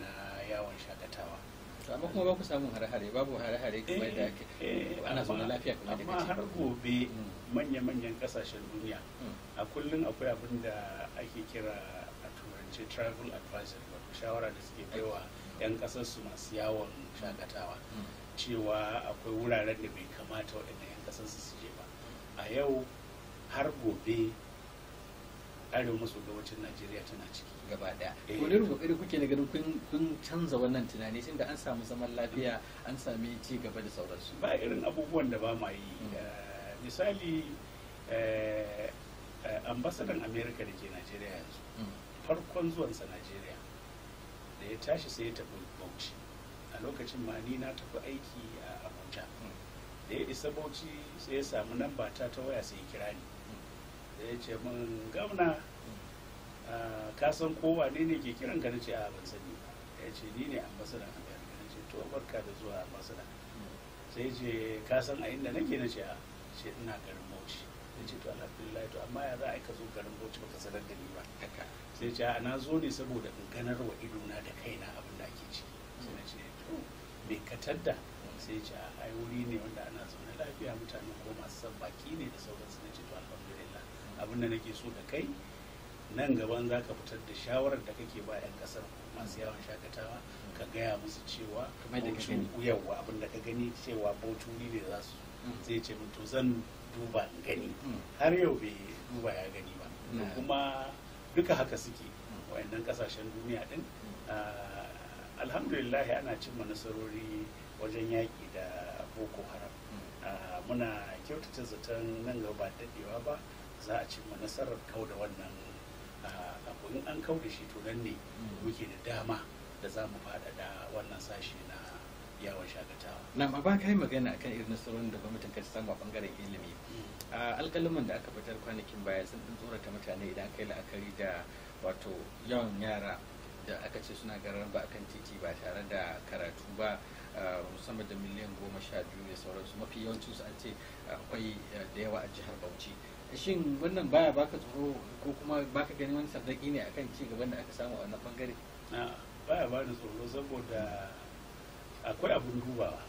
na yawon shakatawa amma kuma ba ku samun hare babu hare-hare kamar da ake eh, eh, ana zaune lafiya kamar da amma har gobe manya-manyan kasashen duniya hmm. a kullum akwai abin da ake kira a turance travel advisor wato shawara da suke baiwa 'yan kasar su masu yawon shakatawa hmm. cewa akwai wuraren da bai kamata waɗanda 'yan kasar su je ba a yau har gobe arewa maso gabacin najeriya tana ciki gaba daya wani rufe kokari kuke na ganin kun canza wannan tunani tun da an samu zaman lafiya an sami ci gaba da sauransu ba irin abubuwan da ba ma yi mm. eh, misali eh, eh, ambasadan Amerika da ke najeriya yanzu mm. farkon zuwansa najeriya da ya tashi sai ya tafi bauchi a lokacin ma ni na tafi aiki a abuja mm. da ya isa bauchi sai ya samu lambata ta ta waya sai ya kira ni da ya ce min gamna ka san kowa ne ne ke kiran ka ce a ban sani ya ce ni ne a bayan ka ce to barka da zuwa ambasada sai ce ka san a inda nake na ce a ce ina garin bauchi ya ce to alhamdulillah to amma ya za a ka zo garin bauchi baka sanar da ni ba sai ce a na zo ne saboda in ganar wa idona da kaina abin da ake ciki sai na ce to me ka da sai ce a ai wuri ne wanda ana zaune lafiya mutane ko masu son baki ne da sauran abin da nake so da kai nan gaban za ka fitar da shawarar da kake ba 'yan kasar masu yawan shakatawa ka gaya musu cewa yawa abin da ka gani cewa bauturi ne za su mm. zai ce mutu zan duba gani mm. har yau bai duba ya gani ba mm. kuma duka haka suke wayannan kasashen duniya din ah, alhamdulillah ana cimma nasarori wajen yaƙi da boko haram ah, muna kyautata zaton nan gaba daɗewa ba za a cimma nasarar kau da wannan ah, abu in an kau da shi to nan ne mm. muke da dama da za mu faɗaɗa wannan sashi na yawon shakatawa. na ma ba ka yi magana akan irin nasarorin da gwamnatin ka samu a bangaren ilimi mm. ah, alƙaluman da aka fitar kwanakin baya sun ɗan tsorata mutane idan kai la'akari da wato yawan yara da aka ce suna garan ba kan titi ba tare da karatu ba musamman ah, da miliyan goma sha biyu da sauransu mafi yawancinsu an ce akwai da yawa a jihar bauchi shin wannan baya baka tsoro ko kuma baka gani wani sardaki ne akan ci gaban da aka samu a wannan bangare baya ba da tsoro saboda akwai abun dubawa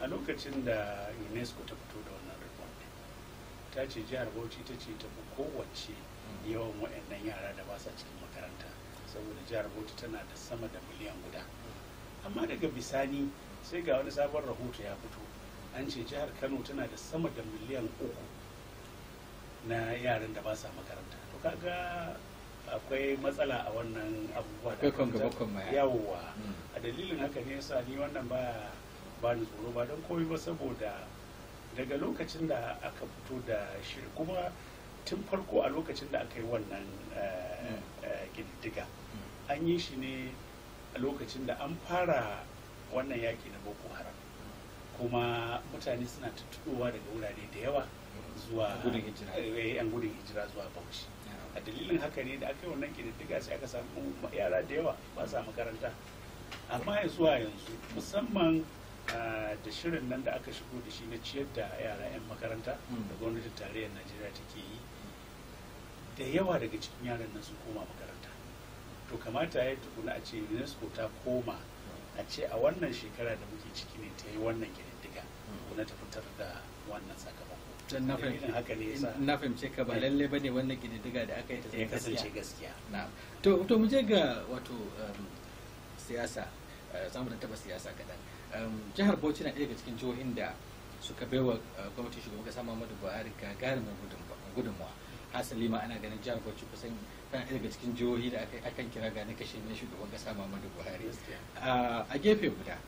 a lokacin da unesco ta fito da wannan report ta ce jihar bauchi ta ce ta fi kowace yawan waɗannan yara da ba sa cikin makaranta saboda jihar bauchi tana da sama da miliyan guda amma daga bisani sai ga wani sabon rahoto ya fito an ce jihar kano tana da sama da miliyan uku na yaran da ba sa makaranta to kaga akwai matsala a wannan abubuwa da yawwa mm. a dalilin haka ne yasa ni wannan ba ba ni tsoro ba don koyi ba saboda daga lokacin da aka fito da shi kuma tun farko a lokacin da aka yi wannan eh, mm. eh, ƙididdiga mm. an yi shi ne a lokacin da an fara wannan yaƙi na boko haram kuma mutane suna tuttuɗowa daga wurare da yawa zuwa eh, yan gudun hijira zuwa bauchi a dalilin haka ne da aka yi wannan kididdiga sai aka samu yara da yawa ba sa makaranta amma ya zuwa yanzu musamman ah, da shirin nan da aka shigo da shi na ciyar da yara 'yan makaranta hmm. da gwamnatin tarayyar najeriya take yi da yawa daga cikin yaran nan su koma makaranta to kamata ya tukuna a ce unesco ta koma a ce a wannan shekara da muke ciki ne ta yi wannan kididdiga hmm. kuna ta fitar da wannan sakamakon na fahimce ka ba eh. lalle ba ne wannan kididdiga da aka yi ta kasance gaskiya to mu je ga wato um, siyasa eh, zamu da taba siyasa kadan um, jihar Bauchi na ɗaya daga cikin jihohin da suka baiwa eh, gwamnatin shugaban kasa Muhammadu Buhari gagarumin gudunmawa hasali ma ana ganin jihar Bauchi kusan tana ɗaya daga cikin jihohi da akan kira gani kashe na shugaban kasa Muhammadu Buhari a gefe guda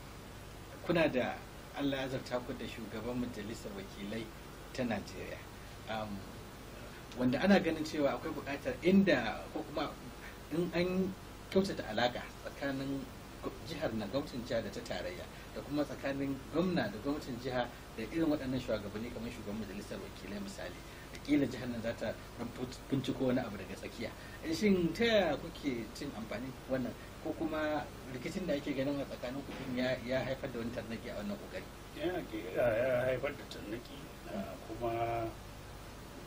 kuna da Allah ya zarta ku da shugaban majalisar wakilai ta najeriya um, wanda ana ganin cewa akwai buƙatar inda ko kuma in an kyautata alaƙa tsakanin jihar na gwamnatin jiha da ta tarayya da kuma tsakanin gwamna da gwamnatin jiha da irin waɗannan shugabanni kamar shugaban majalisar wakilai misali da ƙila jihar nan za ta binciko wani abu daga tsakiya eh, shin ta kuke cin amfani wannan ko kuma rikicin da ake ganin a tsakanin kudin ya haifar da wani tarnaki a wannan kokari ya haifar da tarnaki ah, kuma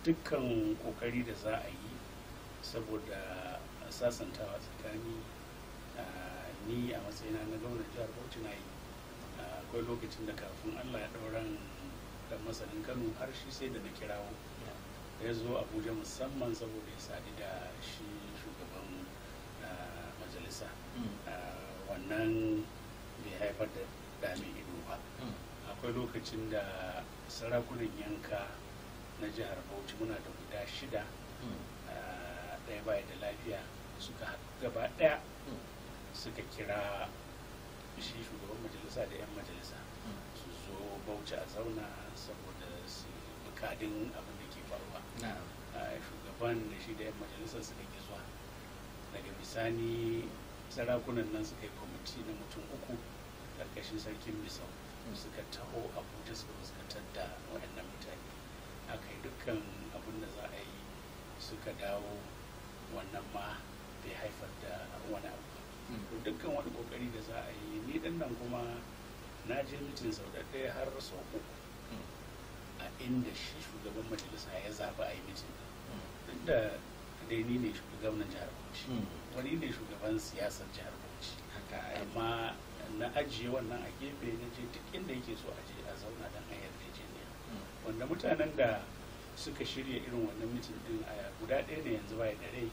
dukkan kokari da za a yi saboda sasantawa tsakani ah, ni a matsayina na gwamnan jihar bauchi na yi ah, akwai lokacin da kafin allah ya ɗauran da masanin kano har shi sai da na kirawo ya zo abuja musamman saboda ya sadu da shi shugaban majalisa ah, wannan bai haifar da damin ido ba hmm. akwai lokacin da sarakunan yanka na jihar bauchi muna da guda shida hmm. ah, ɗaya baya da lafiya suka gaba ɗaya hmm. suka kira shi shugaban majalisa da 'yan majalisa su zo bauchi a zauna saboda su bukadin abin da ke faruwa ah, shugaban da shi da 'yan majalisa suka daga bisani sarakunan nan suka yi kwamiti na mutum uku karkashin sarkin bisau suka taho abuja suka fuskantar da waɗannan mutane aka yi dukkan abin da za a yi suka dawo wannan ma bai haifar da wani abu hmm. dukkan wani kokari da za a yi ni dan nan kuma na je mutum sau da ɗaya har sau uku hmm. a inda shi shugaban majalisa ya zaɓi a yi mutum. Hmm. duk da dai ni ne gwamnan jihar bauchi wani hmm. ne shugaban siyasar jihar bauchi amma na ajiye wannan a gefe na je duk inda yake so a je a zauna don a yarjejeniya hmm. wanda mutanen da suka shirya irin wannan mitin din a guda ɗaya ne yanzu bai da rai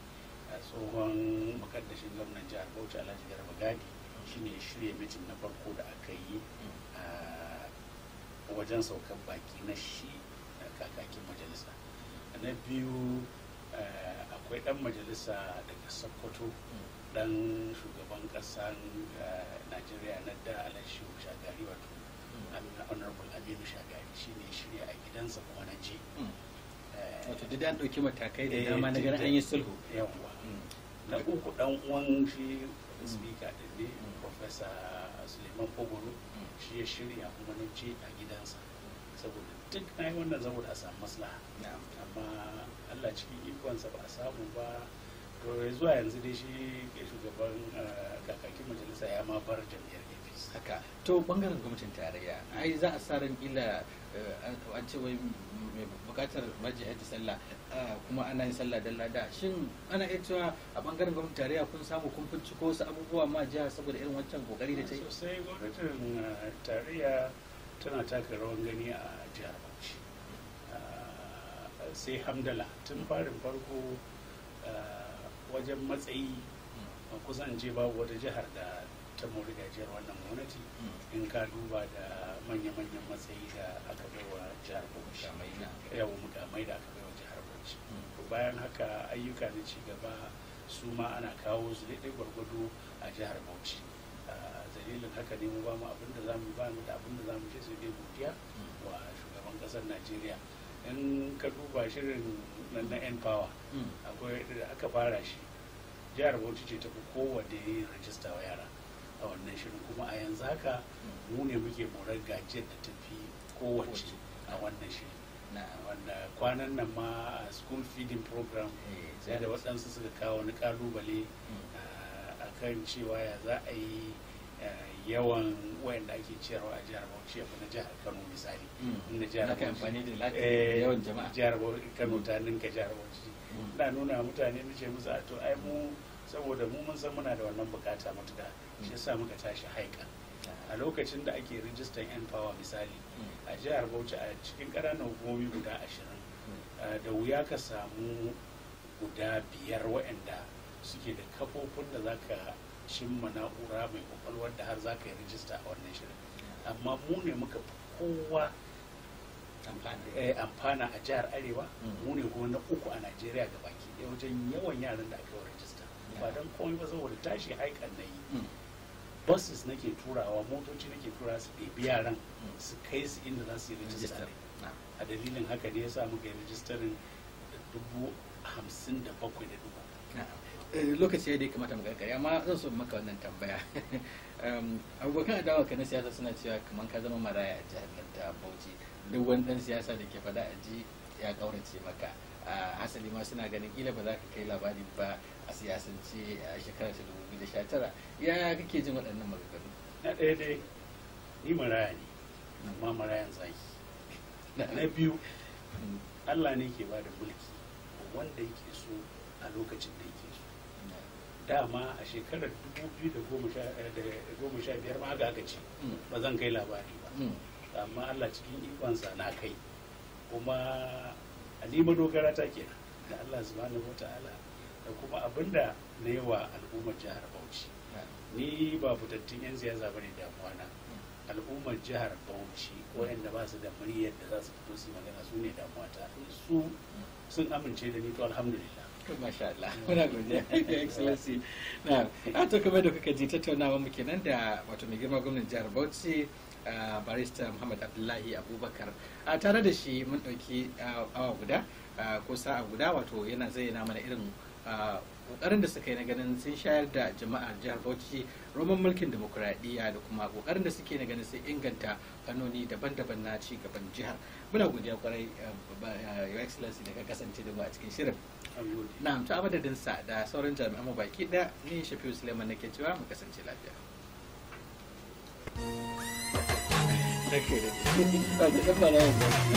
a tsohon makaddashin gwamnan jihar bauchi alhaji garba gadi hmm. shine ya shirya mitin na farko da aka yi a wajen saukar baki na shi kakakin majalisa na biyu akwai dan majalisa daga sokoto dan shugaban kasan eh, najeriya na da alashi shagari wato honorable aminu shagari shine shirya a gidansa kuma na je eh, wato duk an ɗauki matakai da eh, dama na ganin an yi sulhu yawwa mm. na uku dan uwan shi speaker din ne mm. professor suleiman kogoro mm. shi ya shirya kuma na je a gidansa saboda duk na yi wannan saboda a samu maslaha amma allah cikin ikonsa ba a samu ba to zuwa yanzu dai shi shugaban eh, kakakin majalisa ya ma bar jam'iyyar apc haka to bangaren gwamnatin tarayya ai za a sa ran kila eh, an ce wai mai bukatar baji ta sallah eh, kuma ana yin sallah don lada shin ana iya cewa a bangaren gwamnatin tarayya kun samu kun ciko wasu abubuwa ma jiha saboda irin wancan kokari da ta yi sosai gwamnatin tarayya tana taka rawan gani a jihar sai hamdala tun farin farko eh, wajen matsayi hmm. kusan je babu wata jihar da ta mori gajiyar wannan gwamnati hmm. in ka duba da manya-manyan matsayi da aka bai wa jihar bauchi yawon mukamai da aka bai wa jihar bauchi hmm. bayan haka ayyuka na cigaba su ma ana kawo su daidai gwargwado a jihar bauchi eh, dalilin haka ne mu ba mu abin da za mu ba mu da abin da za mu ce su dai godiya wa shugaban ƙasar najeriya in ka duba shirin nan na yan power hmm. akwai da aka fara shi jihar bauchi ce ta fi ya yin rajista wa yara a wannan shirin kuma a yanzu haka hmm. mu ne muke morar gajiyar da ta kowace a wannan shirin wanda kwanan nan ma a school feeding program eh, sai da waɗansu suka kawo wani ƙalubale hmm. a kan cewa ya za a yi eh, yawan wayanda ake ciyarwa a jihar Bauchi ya na jihar Kano misali inda hmm. jihar Bauchi eh, yawan jama'a jihar Bauchi Kano hmm. ta ninka jihar Bauchi hmm. na nuna mutane da ce musu a to ai mu saboda mu mun san muna da wannan bukata matuka shi yasa muka tashi haika a lokacin da ake rijistan yan fawa misali a jihar Bauchi a cikin ƙananan hukumomi guda ashirin da wuya ka samu guda biyar waɗanda suke da kafofin da za ka cimma na'ura mai kwakwalwar da har za ka yi rijista a wannan shirin amma mu ne muka kowa eh, amfana a jihar arewa mm. mu ne kuma na uku a najeriya ga baki ɗaya wajen yawan yaran da aka yi rajista ba don komai ba saboda tashi haikan na yi mm. buses nake turawa motoci nake turawa su ɗebi yaran mm. su kai su inda za su yi rijista a dalilin haka ne ya sa muka yi rijistar dubu hamsin da bakwai da dubu Eh, lokaci ya ya kamata mu karkare amma zan so maka wannan tambaya abubakar adawa ka na siyasa suna cewa kamar ka zama maraya a jihar nan ta bauchi duk wani dan siyasa da ke faɗa a ji ya kaurace maka hasali ma suna ganin kila ba za ka kai labari ba a siyasance a shekarar ta dubu biyu da sha tara ya kake jin waɗannan maganganu na ɗaya dai ni maraya ne amma marayan tsaki na biyu hmm. Allah ne ke ba da mulki wanda yake so a lokacin da yake dama a shekarar 2015 ma ga gaci mm. ba zan kai labari ba mm. amma Allah cikin ikonsa na kai kuma Alima dogara ta ke da Allah subhanahu wata'ala da kuma abinda na yi wa al'ummar jihar Bauchi ni ba fitattun yan siyasa bane da kwana mm. al'ummar jihar Bauchi yadda ba su da muryar da za su fito su magana su ne damuwa ta su sun amince da ni to alhamdulillah masha Allah muna godiya da excellency na a to kamar da kuka ji tattaunawa mu kenan da wato mai girma gwamnan jihar Bauchi uh, barista Muhammad Abdullahi Abubakar a tare da shi mun dauki uh, awa guda uh, ko sa'a guda wato yana zayyana mana irin kokarin da suka yi na ganin sun shayar da jama'ar jihar Bauchi roman mulkin demokuraɗiyya da kuma kokarin da suke na ganin sun inganta fannoni daban-daban na ci gaban jihar kula godiya kwarai your excellency da ka kasance da mu a cikin shirin na'am to abada din sa da sauran jami'an mu baki da ni shafiu suleiman nake cewa mu kasance lafiya Thank you.